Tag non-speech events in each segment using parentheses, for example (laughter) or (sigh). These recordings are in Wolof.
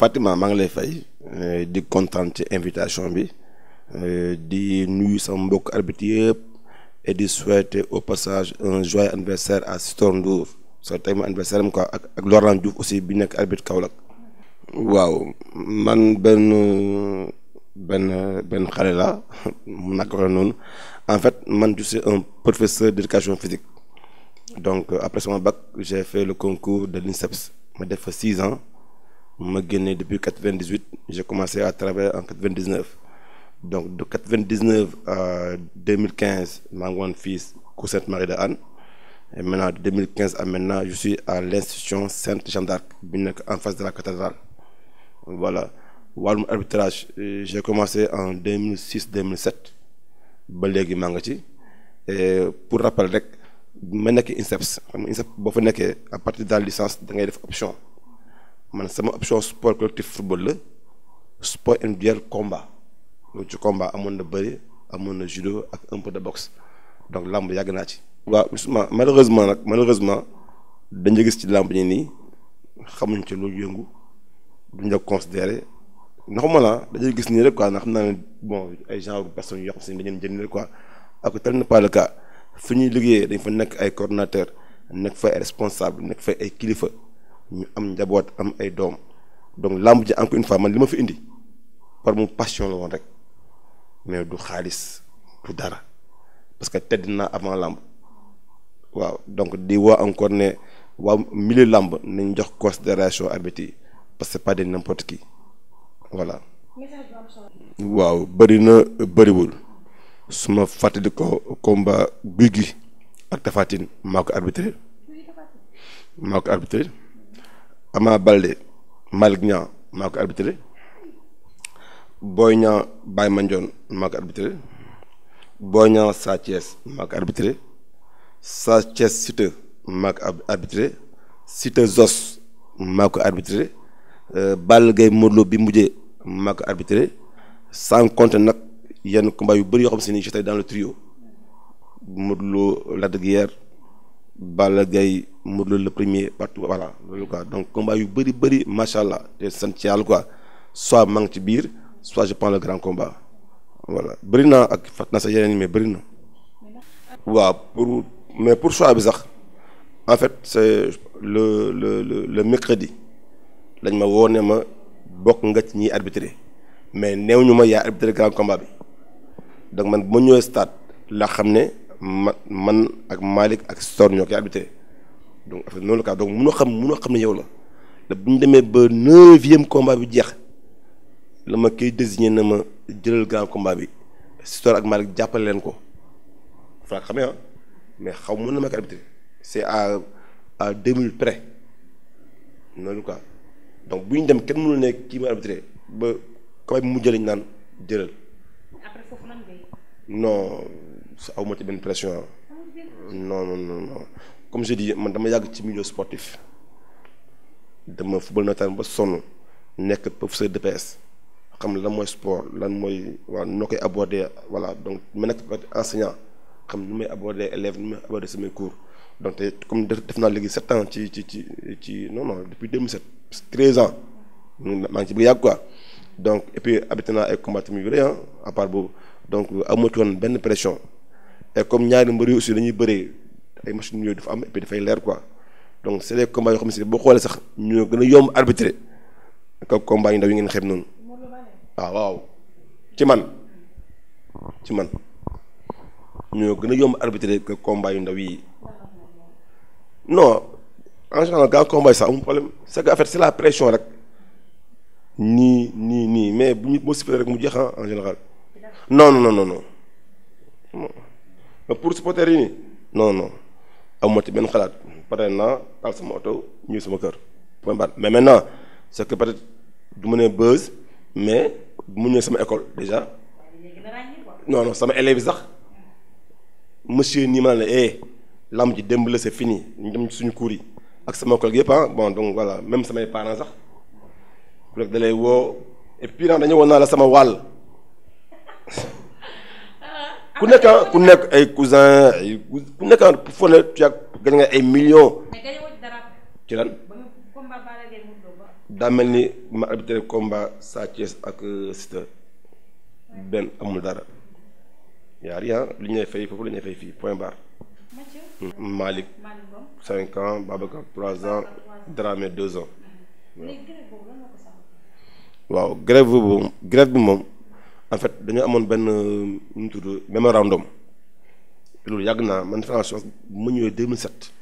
Fatima maa ngi lay fay eh, di kontaan invitation bi eh, di nuyu sama mbokk arbitre yëpp et di souhaiter au passage un joyeux anniversaire à Sitor Ndour sa tey mu anniversaire ak ak Laurent aussi bi nekk arbitre Kaolack. waaw man benn benn benn xale la (laughs) mu la noonu en fait man je suis un professeur d'éducation physique donc euh, après sama bac j'ai fait le concours de l'INSEPS ma def fa six ans. ma génne depuis quatre dix huit j'ai commencé à travailler en quatre-vingt-dix-neuf donc de quatre-vingt-dix-neuf à deux mille quinze maa fii cours Sainte-Marie de Hann et maintenant de deux mille à maintenant je suis à l'institution Sainte Jeanne d'Arc bi nekk en face de la cathédrale voilà wàllum arbitrage j'ai commencé en deux mille six deux mille sept ba léegi maa nga ci e pour rappel rek ma nekkee INSEPS xam nga INSEPS boo fa nekkee à partir de la licence da ngay def option. man sama option sport collectif football la sport individuel combat loolu amoon na bëri amoon na judo ak un de boxe donc làmb yàgg naa ci. waaw Ousmane malheureusement nag malheureusement dañu gis ci làmb ñi nii xamuñ ci lu yëngu duñ la considéré ndax ah, ma la dañuy gis nii rek quoi ndax xam naa ne bon ay genre person yoo xam si ne dañu leen jënd rek quoi ak tel n'est pas le fi ñuy liggéeyee dañ fa nekk ay coordonnateur nekk fa ay responsable nekk fa ay kilifa. ñu am njaboot am ay doom donc làmb ji am une fois li ma fi indi par mu passion la rek mais du xaalis du dara parce que tedd na avant làmb waaw donc di waa encore ne waaw milieu làmb nañ jox considération arbitre parce que pas de n'importe qui voilà. waaw bëri na bëriwul su ma fàttali ko combat Gouye Gui ak Tapha maa ko arbitré maa ko arbitré. Ama Balde Malick Niang maa ko arbitré Boy Niang Baye Mandione maa ko arbitré Boy Niang Sa Thiès maa ko arbitré Sa Thiès Siteu maa ko arbitré Siteu Zos maa arbitré Balla Gaye bi mujjee maa ko arbitré sans compter nag yenn combat yu bëri yoo xam si ni j'étais dans le trio Modou Lo Lac de mu loolu le premier partout voilà loolu quoi donc combat yu bëri bëri macha allah te sant ci yàlla quoi soit maa ci biir soit je prends le grand combat voilà bëri naa ak fàtt na sa yeneen mais bëri na. pour mais pour choix bi sax en fait c'est le le le mercredi lañ ma woo ma bokk nga ci ñiy arbitré mais néew ñu ma yaa arbitré grand combat bi donc man bu ma ñëwee stade la xam ne man ak Malick ak Sor ñoo koy arbitré. donc affaire noonu la quoi donc munoo xam munoo xam ne yow la da bu demee ba neuvième combat bi jeex la ma kii désigné na ma jëlal grand combat bi Sitor ak Malick jàppale leen ko Franck xamee ah mais xaw mën na ma ko arbitré c'est à à deux minutes près noonu quoi donc bu ñu dem kenn mënul ne kii ma arbitré ba combat bi mu jëliñ naan jëlal. après foofu lan ngay. pression non non non. comme je man dama yàgg ci milieu sportif dama football nawetaan ba sonn nekk professeur DPS xam la mooy sport lan mooy waaw noo koy aborder voilà donc ma nekk enseignant xam nu may aborder élèves nu may aborder samay cours donc te comme def naa léegi sept ans ci ci ci ci non non depuis 2007 treize ans maa ngi ci bëgg yàgg quoi donc et puis habité naa ay combat tamit yu rëy à part boobu donc amatuwoon benn pression et comme ñaari mbër yi aussi dañuy bëree. ay machine yooyu dafa am et dafay leer quoi donc c'est des yoo xam si boo xoolee sax ñoo gën a yomb arbitré kaw combats yu ndaw yi ngeen xeeb noonu ah, man ci man ñoo gën a yomb arbitré que ndaw yi non en général gaaw combat yi sax amul problème c'est que en c'est la pression rek nii nii nii mais bu ñu boo siffler rek mu jeex en général non non non non non pour supporter yi nii non non. amuma ci benn xalaat pare naa taal sama oto ñëw sama kër point barre mais maintenant c'est que peut-être du mu ne buzz mais bu mu ñëwee sama école déjà non non sama élèves yi sax monsieur nii ma ne la eh lamb ji démb la c'est fini ñu dem suñu cours ak sama collègue yëpp ah bon donc voilà même samay parents sax ku nekk da lay woo et puis dañu woon naa la sama wàll. (laughs) ku nekk ku nekk ay cousin ay ku nekk ah foo ne tu as gagné nga ay millions. ci lan. mel ni ma arbitré combat Sa Thiès ak euh, Siteu benn amul dara yaa rien ah, li ñu lay fay foofu la ñuy fay fii point barre. Hmm, Malick cinq ans Babacar trois ans Dramé deux ans waaw grève boobu grève bi moom. en fait dañoo amoon benn euh, mu tudd mémorandum loolu yàgg naa man France bu ma ñëwee 2007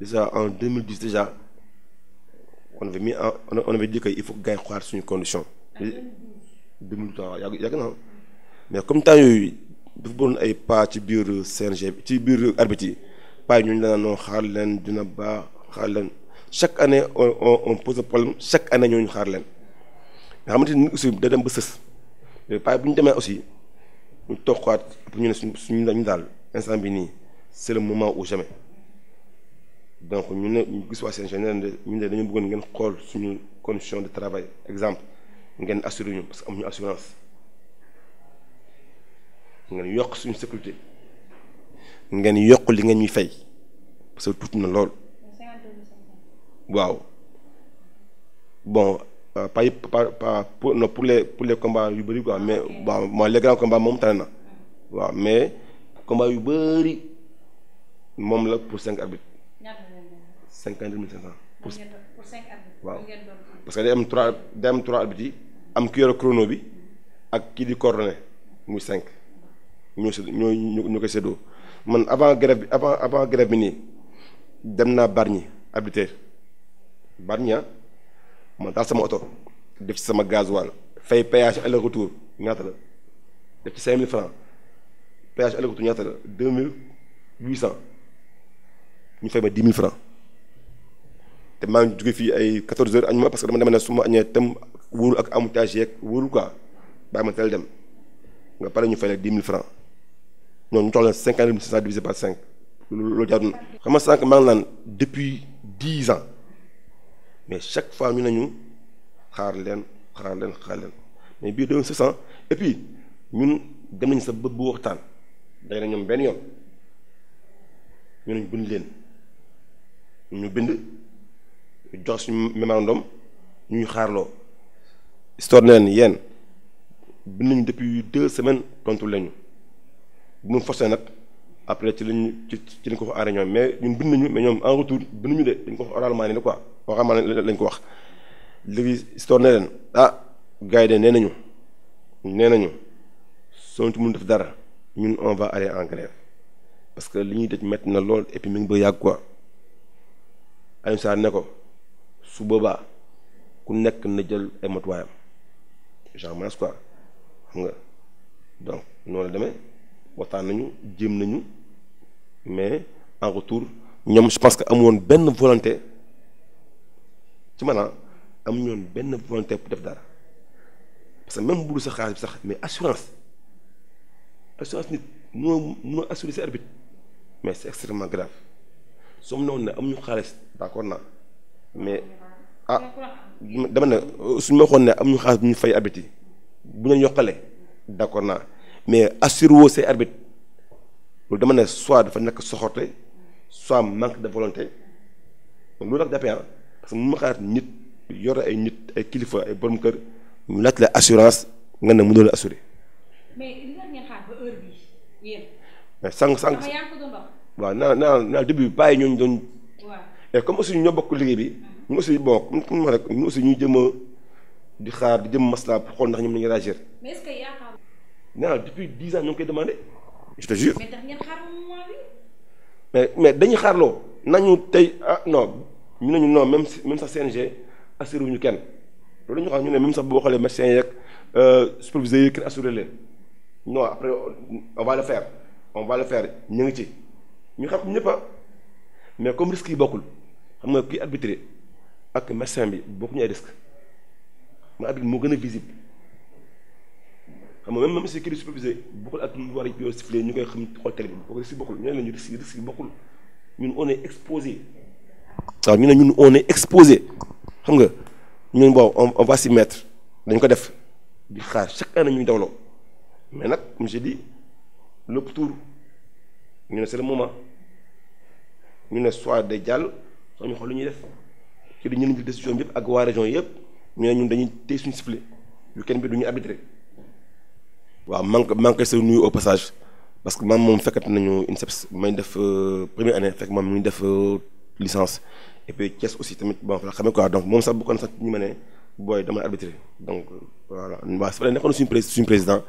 déjà en 2010 déjà on avait mis en on avait dit que il faut que yi xoolaat suñu condition. 2008 waaw yàgg yàgg naa mais comme temps yooyu dafa bëroon ay pas ci biir euh, CNG ci biir euh, arbitre yi pas yi ñu la naan xaar leen dina baax xaar leen chaque année on on on pose problème chaque année ñooñu xaar leen nga xamante ni aussi da dem ba sës. paa bu ñu demee aussi ñu toqaat pour ñu ne suñ suñu dañu daal instant bi nii c'est le moment ou jamais donc ñu ne ñu gis waa CNG ne ñu ne dañu bëggoon ngeen xool suñu condition de travail exemple ngeen assuré ñu parce que ñu assurance ngeen yokk suñu sécurité ngeen yokk li ngeen ñuy fay parce que tuuti na lool waaw bon Euh, pas yëpp pas pas pour non pour les pour yu bëri quoi ah, mais waaw mooy les grands moom tane na waaw mais combats yu bëri moom la pour cinq arbitres. cinquante mille cinq parce que day am trois day am trois yi am ki yore chrono bi ak kii di coordonné muy cinq ñoo si ñoo ñu koy séddoo man avant grève bi avant avant bi nii dem naa Bargny arbitraire Bargny ah, man taal sama oto def ci sama gasoil fay payage aller retour ñaata la def ci 5000 francs péage aller retour ñaata la 2800 ñu fay ma 10 000 francs te maa ngi jóge fii ay 14 heures añ ma parce que dama demee ne su ma añee tam wóorul ak embouteillage yeeg wóorul quoi bàyyi ma teel dem nga pare ñu fay la 10 000 francs ñoom ñu toll na 50 500 divisé par 5 loolu loolu jaadu na sànq maa ngi naan depuis 10 ans. mais chaque fois ñu nañu xaar leen xaar leen xaar leen mais bii de mille sept cent et puis ñun dem nañ sa bët bu waxtaan day ñoom benn yoon ñu nañ bind leen ñu bind jox suñu mémorandum ñuy xaarloo histoire neen yéen bind nañu depuis deux semaines tontu lañu bu mu forcé nag après ci lañ ci ci lañ ko wax aaree ñoom mais ñun bind nañu mais ñoom en retour bind ñu de dañ ko wax oralement ni ko wax léegi histoire ne ah gars de nee nañu nee nañu soo ci mun def dara ñun on va aller en parce que li ñuy daj métti na lool et puis mi ngi bëgg yàgg quoi Alioune Sarr ne ko su boobaa ku nekk na jël ay matuwaayam genre maas quoi xam nga donc noonu la demee nañu jéem nañu. mais en retour ñoom je pense que amu woon benn volonté ci maanaam ah, amu ñoon benn volonté pour def dara parce que même bu dul sa xaalis bi sax mais assurance assurance nit munoo munoo assurer sa arbitre mais c'est extrêmement grave soom noonu ne amuñu xaalis d'accord naa mais ah dama ne suñu ma waxoon ne ñu xaalis bu ñu fay arbitre yi bu ñu yokkalee d'accord naa mais assurer woo say arbitre loolu dama ne soit dafa nekk soxorte soit manque de volonté loolu rek jàppee ah, parce que mu ma xalaat nit yore ay nit ay kilifa ay borom kër ñu laaj la assurance nga ne mënoo la assuré. mais li ngeen xaar ba heure bi naa naa naa bàyyi ñooñu doon. et comme aussi ñoo bokk liggéey bi. Mhm. ñu aussi bon comme comme ñu aussi di xaar di jëm maslaa pour xool ndax ñoom la ñu réagir. naa depuis dix ans ñoo koy demandé. je te jure. mais mais mais dañuy xaarloo nañu tey ah non ñu ne ñu non même si même sax CNG assuré wu ñu kenn loolu ñu xam ñu ne même sax boo xoolee médecins yeeg euh, superviseurs yi kenn assuré leen non après on va le faire on va le ñu ngi ci ñu xam ñëpp mais comme risque yi bokkul xam nga kii arbitré ak médecin bi bokkuñu ay risque ma arbitre moo gën a visible. xam nga même même si kii supervisé bokkul ak ñu war a yor sifflé ñu koy xam xool télé bokkul ñu ne la ñu risque bokkul ñun on est exposé waaw ñu ne ñun on exposé xam nga ñu bon on va s'y dañ ko def di xaar chaque année ñuy dawloo mais nag comme je dis lépp tour ñu ne c'est le moment ñu ne soit day jàll soo ñu xool lu ñuy def ci di ñun ñu décision bi yëpp ak waa région yëpp ñu ne ñun dañuy téye suñu sifflé yu kenn bi du ñu arbitré waaw man man kay sa nuyu au passage parce que man moom fekkat nañu INSEPS may def euh, première année fekk moom mi ngi def euh, licence et puis Thiès aussi tamit bon xam nga quoi donc moom sax bokkoon sax ñu ma ne booy damay arbitré donc waaw c'est vrai nekkoon suñu pré suñu président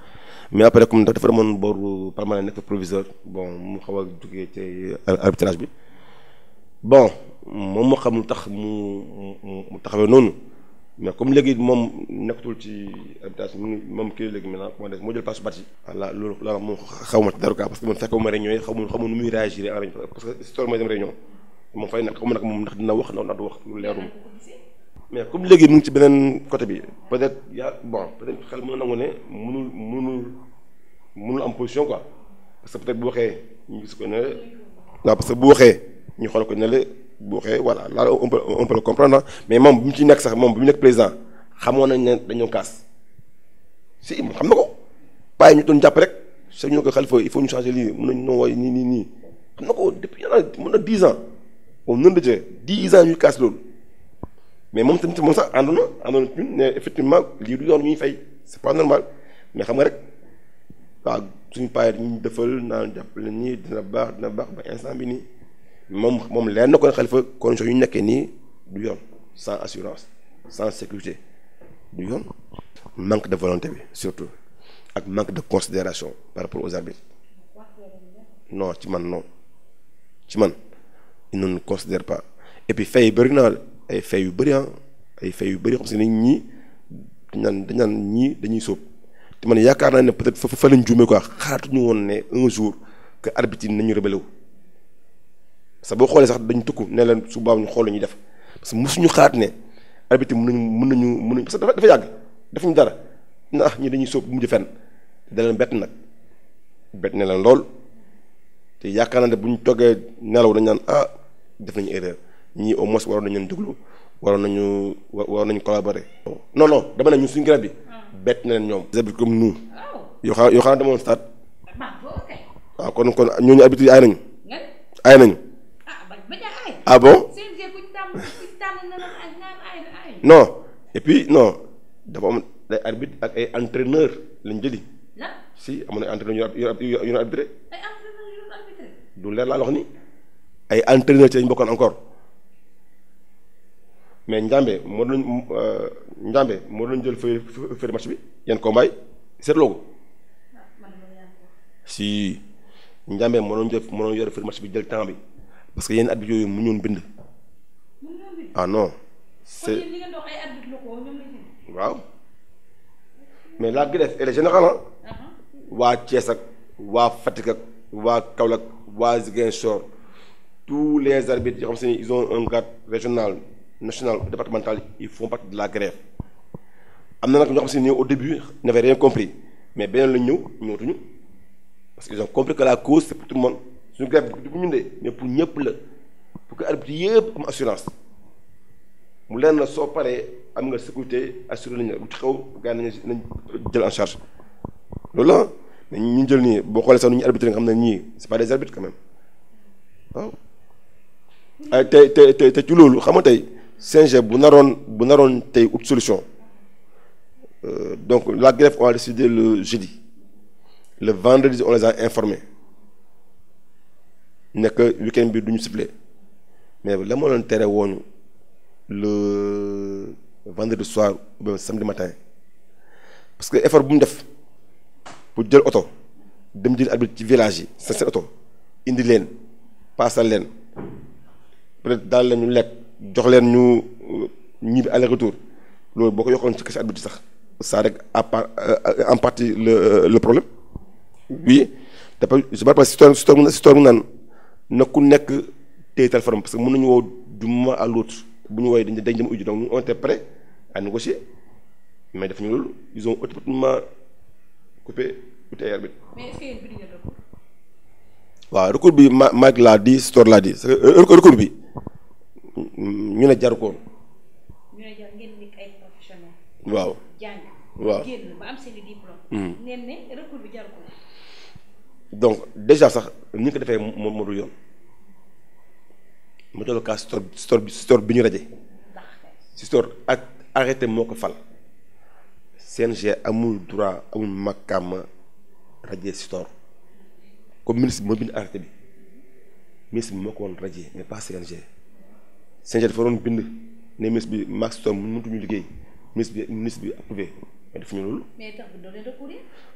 mais après comme dafa demoon booru permanent nekk proviseur bon mu xaw a jógee arbitrage bi bon moom moo xam lu tax mu mu taxawee noonu mais comme léegi moom nekkatul ci habitation mu ngi moom kii léegi maintenant comment dire moo jël passe bati voilà loolu la moom xaw ma ci dara parce que man fekk ma réunion yi xamul xamul nu muy réagir en réunion parce que histoire mooy dem réunion moom fay nag xaw ma moom ndax dina wax ndax du wax mais comme léegi mu ci beneen côté bi peut-être yaa bon peut-être xel mën na nangu ne am position quoi parce que waxee ñu gis ko ne waaw parce bu waxee ñu xool ko ne la bu waxee voilà ah moom bi mu ciy nekk sax moom bi mu nekk président xamoon nañ ne dañoo kaas si moom xam na ko waaye ñu doon jàpp rek soo ñu ko xalifa il nañ noo waay nii nii xam na ko depuis yàlla mun moom noonu la jëlee dix kaas loolu mais moom tamit moom sax àndoon na àndoon effectivement lii du ñuy fay c'est pas normal mais xam nga rek waaw suñu paay ñu defal naan jàppale nii dina baax dina baax ba instant bi nii moom moom leer na ko xalifa condition yu ñu nekkee nii du yoon sans assurance san sécurité du yoon manque de volonté bi surtout ak manque de considération par rapport aux arbitres non ci man non ci man ils ne nous considèrent pas et puis fay yu bëri naa ay fay yu bari ah ay fay yu bari xam si ne ñii dañ naan ñii dañuy soob te man yaakaar naa ne peut-être fa fa lañ juumee quoi xaaratuñu woon ne un jour que arbitre yi nañu rebellé wu boo xoolee sax dañ tukku ne leen su baax ñu xool ñu def parce que mosuñu xaat ne. arbitre mën nañu mën nañu mën nañu parce que dafa dafa yàgg defuñu dara na ah ñi dañuy sóob bu mujj fenn da bett nag bett ne leen lool te yaakaar naa ne bu ñu toggee nelaw dañ naan ah def nañu erreur ñii au moins waroon nañu leen déglu waroon nañu waroon nañu collaborer. non non dama ne suñ suñu bi. bett na ñoom. des comme nous. yoo xam yoo xam ne kon kon ñooñu habitude ay nañu. ay nañu. ah non et puis non dafa am ay arbitre ak ay entraîneur lañ jëli. si amoon ay entraîneur yu yu yu ay entraîneur yu arbitré. du leer laa wax ni ay entraîneur ci lañ bokkoon encore mais Njambe moo doon euh, Njambe moo doon jël feuille feuille match bi yenn combat yi seetloo ko si Njambe moo doon jël moo doon yor feuille match bi jël temps bi parce que yenn arbitre yooyu mu ñoon bind ah non. c'est waaw mais la grève elle est waa Thiès waa Fatick waa Kaolack waa Ziguinchor tous les arbitres yoo xam se ni ils ont un grade régional national départemental ils font partie de la grève am na nag ñoo xam se ni au début n'avaient rien compris mais beneen lañ ñëw ñëwatuñu parce qu'ils ont compris que la cause c'est pour tout monde suñu grève bu ñu dee mais pour ñëpp la pour que arbitres yëpp am assurance. mu leen la soo paree am nga sécurité assuré nañ la lu ci xew gars na nañ jël en charge loolu la mais ñu jël nii boo xoolee sax nu ñu arbitré nga xam na ñii c'est pas des arbitres quand même waaw ay ah, te te xam nga tey CNG bu naroon bu naroon tey ut solution euh, donc la grève on a le jeudi le vendredi on les a informés nekk week bi du ñu siffler mais la moo leen tere wooñu le vendredi soir samedi matin parce que effort bu mu def pour jël oto dem jël arbitre ci village yi sa seen oto indi leen paasal leen peut être daal leen ñu lekk jox leen ñu euh, ñibbi aller retour loolu boo ko yokkoon ci kese arbitre sax ça rek à part euh, en partie le euh, le problème oui dafa je me rappelle si si toog mu naan na ku nekk téye téléphone parce que mën nañu woo du moment à l'autre bu ñu wooyee dañ dañ dem uji donc on était prêt à négocier mais def ñu loolu ils ont automatiquement coupé UTR bi. mais waaw recours bi ma Mag laa di Sitor laa di euh, recours bi ñu ne jaru ko. waaw waaw hmm. donc déjà sax ni ko defee moo moo dul yoon. mu toll kaas store store bi ñu raje si store ak arrêté moo ko fal CNG amul droit amul makkaama raje store comme ministre bi moo bind bi ministre bi moo ko woon raje mais pas CNG CNG dafa waroon bind ne ministre bi maak store mëntu ñu liggéey ministre bi ministre bi approuvé mais defuñu loolu.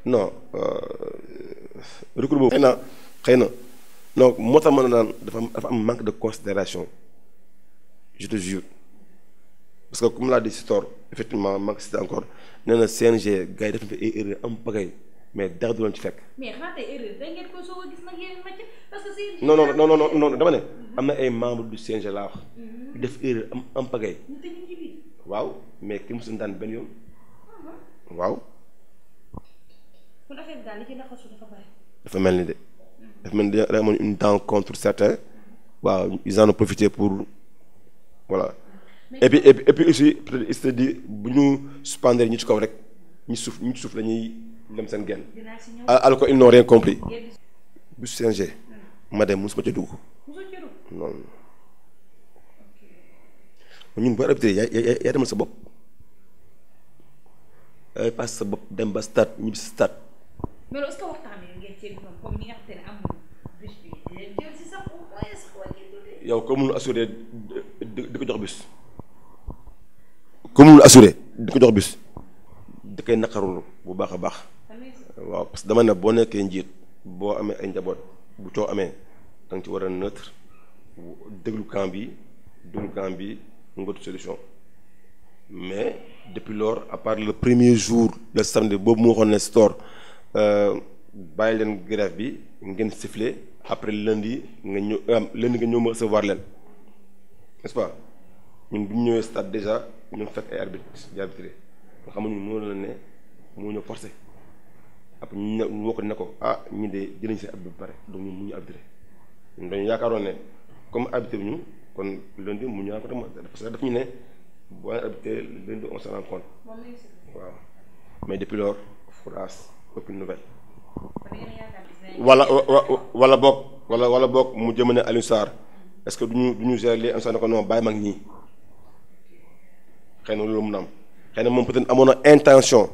non euh, recours boobu xëy na xëy na. donc moo tax mën a naan dafa am dafa am manque de considération je te jure parce que comme l'a dit Sitor effectivement manque si encore nee na CNG gars yi def na ay erreur am pagay mais dara du leen ci fekk. mais xanaa tey erreur ne. Mhm. am na ay membre du CNG laa wax. Mhm. def erreur am am waaw mais ki mosuñu daan benn yoon. Ah waaw. dafa mel ni de. dafa mel ni amoon une dent contre certains waaw ils en ont profité pour voilà et puis aussi peut bu ñu suspendre ñu ci kaw rek ñu suuf ñi suuf la ñuy dem seen genn ah, alors que ils n'ont rien compris bu CNG ma dem mosuma ca dugg non ñun boo arbitré yaa yaa demal sa bopp yaa pass sa bopp dem ba stade ñibbi si stade. yow ko mënul assuré di ko jox bis ko mënul assuré di ko jox bis da koy naqarul bu baax a baax waaw parce que dama ne boo nekkee njiit boo amee ay njaboot bu coo amee da ci war a neutre déglu camp bi déglu camp bi ngóob solution mais depuis lors à part le premier jour le samedi boobu mu waxoon ne store euh, bàyyi leen grève bi ngeen siffler. après lundi nga ñëw euh, lundi nga ñëw ma recevoir leen n'est-ce pas ñun bu ñu ñëwee stade déjà ñun fekk ay arbitre di arbitré nga xam ne ñun la ne moo ñëw forcé après ñu ne ñu ko ah ñu de jëliñ seen arbitre ba pare donc mu ñu arbitré ñun dañu yaakaaroon ne comme arbitre ñu kon lundi mu ñu rencontré ma parce que daf ñu ne boo arbitré lundi on se rencontre waaw mais depuis lors fouraas aucune nouvelle wala wala boog wala wala boog mu jëmale Alioune Sarr est-ce que du ñu du ñu gérer lii Alioune ko non bàyyi mag ñii xëy na loolu mun na am xëy moom peut-être amoon na intention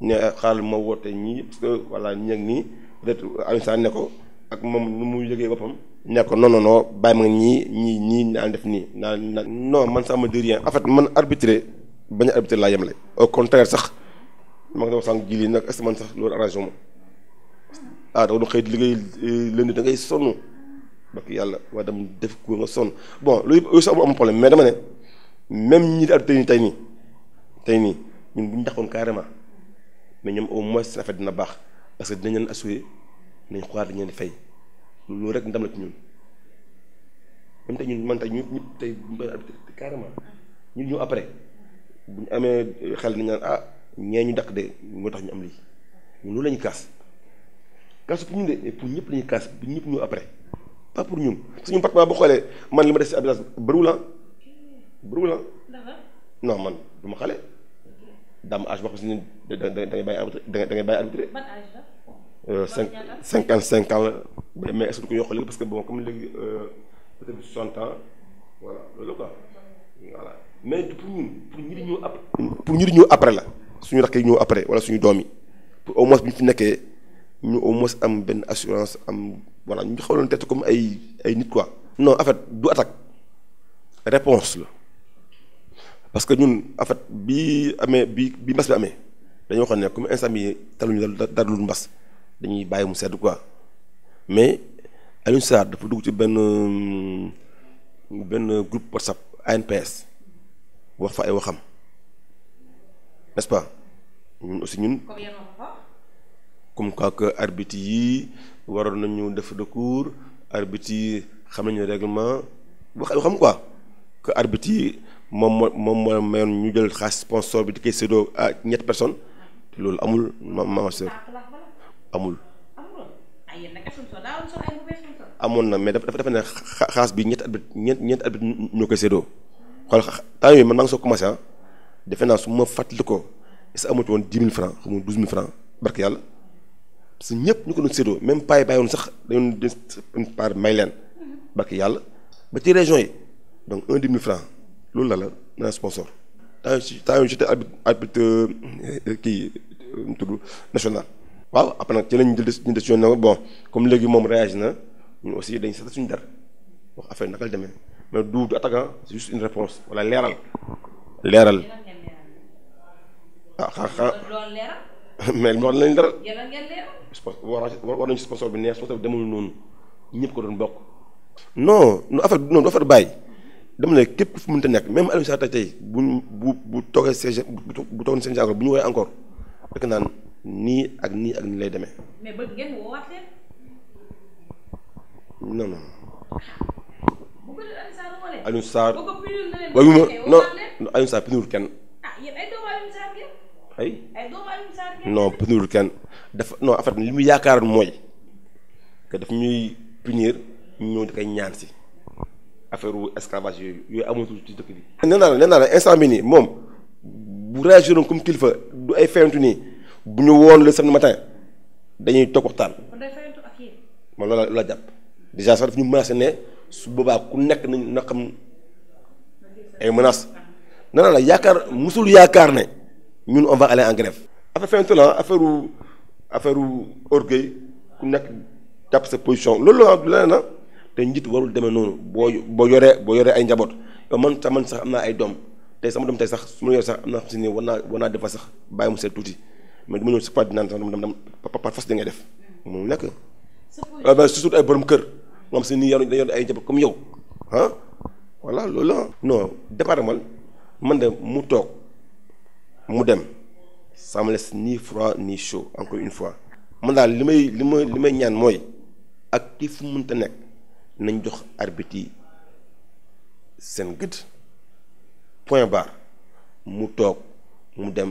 ne ah, xaaral ma woote ñii parce que voilà ñii ak nii peut-être Alioune ko ak moom nu mu yëgee boppam. ne ko non non non bàyyi ma ñii ñii ñii naan def nii naan nag man sax ma di rien en fait man arbitré bañ a arbitré laa yemale. au contraire sax ma ko doon ji lii nag est-ce man sax loolu arrangé ma. ah da du xëy liggéey eh, lundi da ngay sonn bakk yàlla waaye dama def ko nga sonn bon loolu yëpp aussi amul mais dama même ñi di addu tey nii ñun bu ñu carrément mais ñoom au moins seen affaire dina baax parce que dinañ leen assuré nañ xoolaat dañ fay loolu rek ndam la ci ñun même tey ñu ñu tey carrément amee xel ni naan ah ñee ñu dàq de moo tax ñu am lii ñun loolu la kaas kaas pour ñun de mais pour ñëpp la ñuy pour ñëpp ñu après pas pour ñun parce que xoolee man li ma des si Abdoulaye bëriwul ah bëriwul ah. man du xale daam âge boo xam ne da da ngay bàyyi arbitre la. Euh, cinq cinquante cinq ans la mais est-ce que parce que bon comme léegi euh, peut-être soixante mais pour ñu di ñëw ñu di après la suñu rakk yi ñëw wala suñu doom yi pour au moins bu ñu fi nekkee. ñu au moins am benn assurance am voilà ñu xaw leen tete comme ay ay nit quoi. non afet fait du attaque réponse la parce que ñun en bi amee bi bi mbas bi amee dañoo xam ne comme instant bi da dalul mbas dañuy bàyyi mu sedd quoi mais Alioune Sarr dafa dugg ci benn benn groupe WhatsApp ANPS wax fa ay waxam n'est-ce pas ñun aussi ñun. comme quoi que arbitre yi waroon na nañu def recours arbitre yi xam nañu règlement xam quoi que arbitre yi moom moo moom moo mayoon ñu jël xaalis sponsor bi di koy séddoo ah ñetti loolu amul ma ma sœur amul. amoon na mais dafa dafa ne xaas bi ñetti arbitre ñeent ñeent arbitre ñoo koy séddoo xool temps soo commencé ah. defe naa su ma fàttali ko est-ce que dix mille francs xam barke yàlla. parce que ñëpp ñu ko doon séddoo même paa yi bàyyiwoon sax dañu une part may leen bakk yàlla ba ci région yi donc un demi franc loolu la la na sponsor temps si temps yii j'étais arbitre euh, kii euh, mu tudd waaw après nag ci lañ jël suñu décision comme léegi moom réagi na ñun aussi dañ sax suñu dar wax affaire naka la demee mais du du attaquant c'est juste une réponse wala leeral leeral (laughs) mais wax nañ dara. yéen ngeen leeral. sponsor bi neex sponsor bi demul noonu ñëpp ko doon bokk. non nu affaire bi noonu du affaire bàyyi dama ne képp fu mënta nekk même Aliou Sarr tey tey bu bu bu toogee CG bu bu ñu woowee encore rek naan nii ak nii ak nii lay demee. mais ay non punirul kenn dafa non en fait li mu yaakaaroon mooy que daf ñuy punir ñoo di koy ñaan si affaire wu esclavage yooyu yooyu amatul ci dëkk bi. nee naa la nee instant bi nii moom bu réagiroon comme kilifa du ay feeñtu nii bu ñu woon le samedi matin dañuy toog waxtaan. man loola loola jàpp déjà sax daf ñu menacé ne su boobaa ku nekk nañ na xam ay menaces nee yaakaar musul yaakaar ne. ñun on va aller en grève. affaire feintulant affaire u affaire orgueil ku nekk jàpp sa position loolu la du na ah, te njit warul demee noonu boo boo yoree boo yoree ay njaboot man sax man sax am naa ay doom te sama doom tey sax su ma yor sax am naa xam si ne war naa war naa defar sax bàyyi mu seet tuuti mais du ma ñëw si Fatick naan sax dama dama par force da ngay def mu nekk. surtout ay borom kër moom si nii yor dañoo yor ay njaboot comme yow walla loolu la. non département man de mu toog. mu dem ça me laisse ni froid ni chaud encore une fois man daal li may li ma li may ñaan mooy ak kii fu mënta nekk nañ jox arbitre yi seen gëdd point barre mu toog mu dem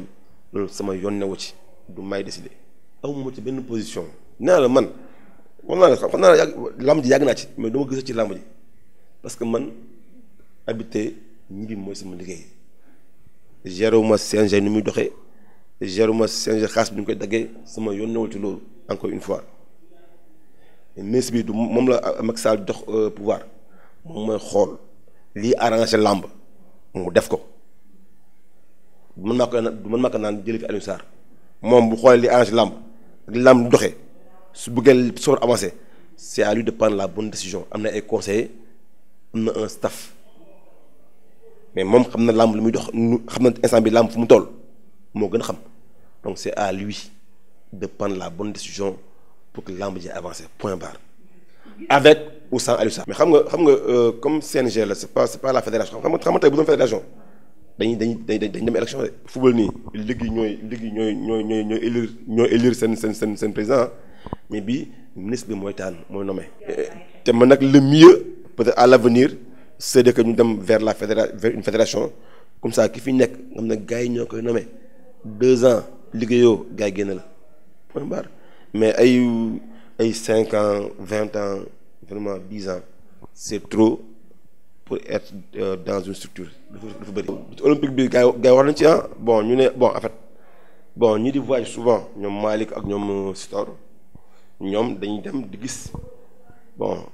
loolu sama yoon newu ci du may décider awma ci benn position nee la man wax naa la xam naa la yàgg làmb ji yàgg naa ci mais dama gis ci làmb ji parce que man arbitre ñi bi mooy sama liggéey gérewuma CNG ni muy doxee gérewuma CNG xaas bi ñu koy daggee su ma yoon newul ci loolu encore une fois ministre bi du moom la Macky Sall dox euh, pouvoir moom mooy xool lii arrangé làmb mu def ko du man maa ko du man maa ko naan jëlee fi Alioune moom bu xoolee lii arrangé làmb ak làmb doxee su bëggee soor avancé c'est à lui de prendre la bonne décision am na ay conseillers am na un staff mais moom xam na làmb lu muy dox xam na instant bi làmb fu mu toll moo gën a xam donc c'est à lui de prendre la bonne décision pour que làmb ji avancé point barre avec ou sans Aliou Sarr mais xam nga xam nga euh, comme CNG la c'est pas c'est pas la fédération xam nga xam nga tey bu doon fédération dañuy dañuy dañuy dañ dem élection de. football nii ligue ñooy ligue yi ñooy ñooy ñooy ñooy élire ñooy élire seen seen seen seen président mais bii ministre bi mooy tànn mooy nommé. te ma nag le mieux peut-être à c'est que ñu dem vers la fédération vers une fédération comme ça ki fi nekk nga xam ne gars yi ñoo koy nommé deux ans liggéeyoo gars yi génn la point barre mais ay ay cinq ans vingt ans vraiment dix ans c'est trop pour être euh, dans une structure dafa dafa bëri. olympique bi gars yi war nañ ci ah bon ñu ne bon en fait bon ñi di voyage souvent ñoom Malick ak ñoom Sitor ñoom dañuy dem di bon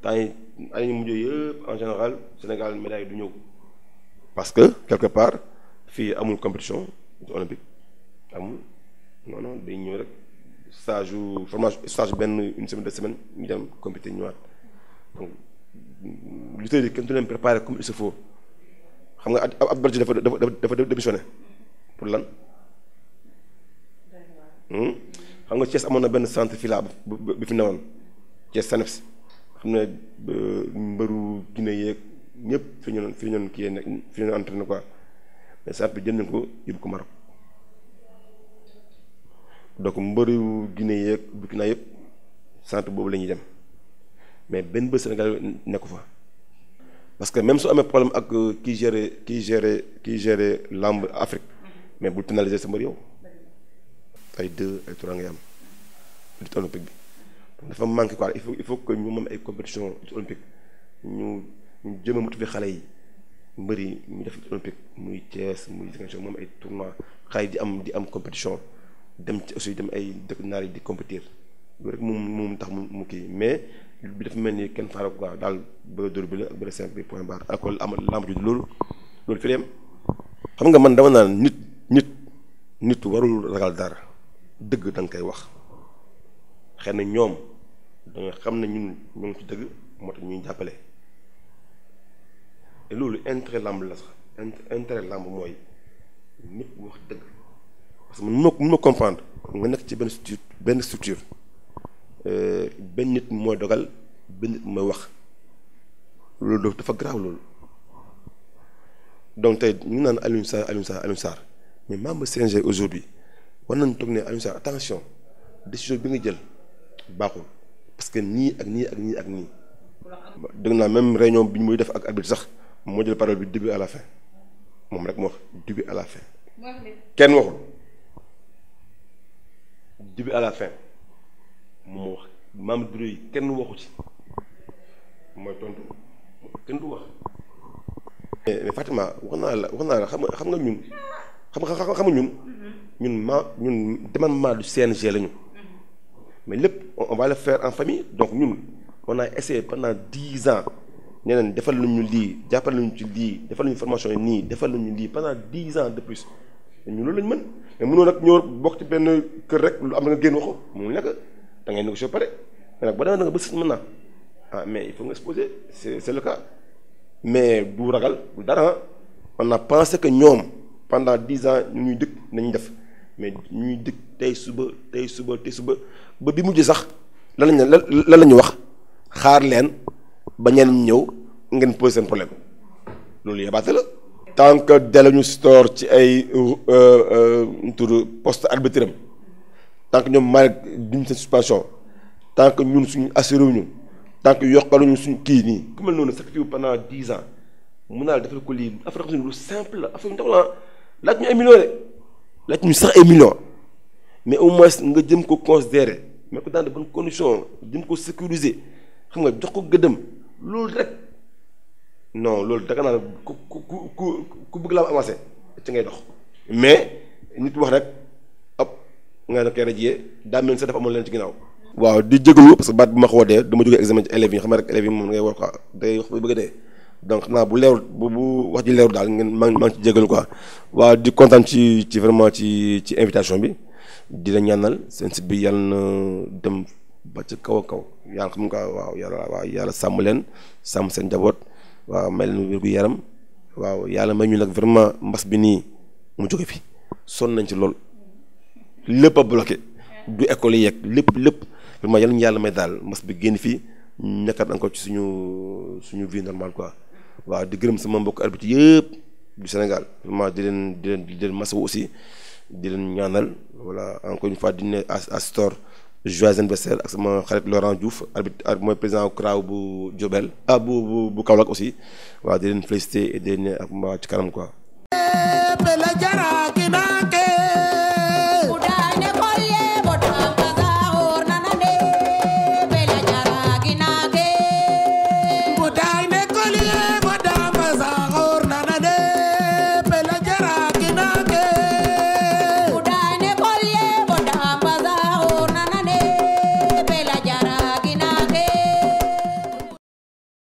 temps année yu mujj yëpp en général Sénégal médaille du ñëw parce que quelque part fii amul compétition olympique amul non non day ñëw rek stage yu formation stage benn une semaine deux semaines ñu dem compété ñëwaat donc lutteurs yi kenn du leen préparé comme il xam nga ab ab dafa dafa dafa démissionné pour lan. Hmm? xam nga Thiès amoon na benn centre fii laa bi fi newoon Thiès SANEPS. xam ne mbëru Guinée yeeg ñëpp fi ñu doon fi ñu doon nekk fi ñu doon entraîné quoi mais nañ ko yóbbu ko Maroc donc mbëru Guinée yeeg Burkina yëpp centre boobu la ñuy dem mais benn bës Sénégal nekku fa parce que même su amee problème ak euh, kii gérer kii gérer kii gérer lamb Afrique mais bul pénaliser sa mbër yow ay deux ay trois ngay am lutte olympique bi dafa manqué quoi il faut il faut que ñu mën ay compétition olympique ñu ñu jéem xale yi mbër yi ñu def olympique muy Thiès muy moom ay tournoi xale yi di am di am compétition dem ci aussi dem ay dëkk naar yi di compétir loolu rek moom moom tax mu mu kii mais bi dafa mel ni kenn faara quoi daal bëre dóor bi la ak bëre cinq bi point barre ak am lamb ju loolu loolu fi xam nga man dama naan nit nit nit warul ragal dara dëgg da nga koy wax xëy ñoom danga xam na ñun ñoo ci dëgg moo tax ñuy jàppale loolu intérêt làmb la sax intérêt làmb mooy nit wax dëgg parce que mën na comprendre nga nekk ci benn structure benn structure euh, benn nit mooy dogal benn nit mooy wax loolu dafa grave loolu donc tey ñu naan Alioune Sarr Alioune Sarr Alioune Sarr mais membre CNG aujourd'hui war nañ toog ne Alioune Sarr attention décision bi nga jël baaxul parce que nii ak nii ak nii ak nii. dégg naa même réunion bi muy def ak arbitre sax moo jël parole bi début à la fin moom rek moo wax début à la fin. kenn waxul début à la fin moo wax membre bureau yi kenn waxu ci mooy tontu kenn du wax. mais Fatima wax naa la wax naa la xam nga xam nga ñun xam nga xam nga ñun mm-hmm. ñun ma ñun demandement du CNG lañu. mais lépp on va le faire en famille donc ñun on a essayé pendant dix ans nee nañ defal nañu lii jàppal nañu ci lii defal nañu formation yi nii defal nañu lii pendant dix ans de plus ñun loolu lañ mën mais mënoo nag ñoo bokk ci benn kër rek lu am na nga génn waxu mu nekk da ngay négocier pare mais nag ba demee da nga bës maintenant ah mais il faut nga exposer c'est c'est le cas mais du ragal du dara on a pensé que ñoom pendant dix ans ñu ñuy dëkk nañu def. mais ñuy dëkk tey suba tey suba tey suba ba bi mujj sax lan lañ lan la ñu wax xaar leen ba ñenn ñëw ngeen posé seen problème loolu yabaate la. tant que delluñu store ci ay euh, euh, tur poste arbitre tant que ñoom Malick duñ seen suspension tant ñun suñu assuré wuñu tant que yokkaluñu suñu kii nii. ku mel noonu sacrifié pendant dix ans mun naa defal ko lii affaire xam ne lu simple la affaire yu ndaw la laaj ñu ay millions laaj ñu sax ay millions mais au moins nga jëm ko considérer mais ko dans de bonnes jëm ko sécuriser xam nga jox ko gëddëm loolu rek non loolu daga naa ku ku ku ku bëgg laa avancé ci ngay dox mais nit wax rek hop nga ne koy rajee daa mel dafa amoon leen ci ginnaaw. waaw di jégalu parce que baat bi ma xoo dee jógee examen ci élèves yi xam nga rek élèves yi moom ngay war ko day wax ba bëgg a dee. donc xam naa bu leerul bu bu wax ji leerul daal ngeen maa ngi ci jégalu quoi waaw di kontaan ci ci vraiment ci ci invitation bi di la ñaanal seen bi yàlla na kaw a kaw yàlla xam nga waaw yàlla waaw yàlla sàmm leen sàmm seen njaboot waaw may leen wér yaram waaw yàlla may ñu nag vraiment mbas bi nii mu jóge fi son nañ ci lool lépp a bloqué du école yi lépp lépp vraiment yàlla yàlla may daal mbas bi génn fii nekkaat ko ci suñu suñu vie normale quoi. waaw di gërëm sama mbokk arbitre yëpp du Sénégal ma di leen di leen di leen aussi di leen ñaanal voilà encore une fois di ne Astor joyeux anniversaire ak sama xarit Laurent Diouf arbitre mooy président CRAW bu Diobel ah bu aussi waaw di leen féliciter ak mbaa ci kanam quoi.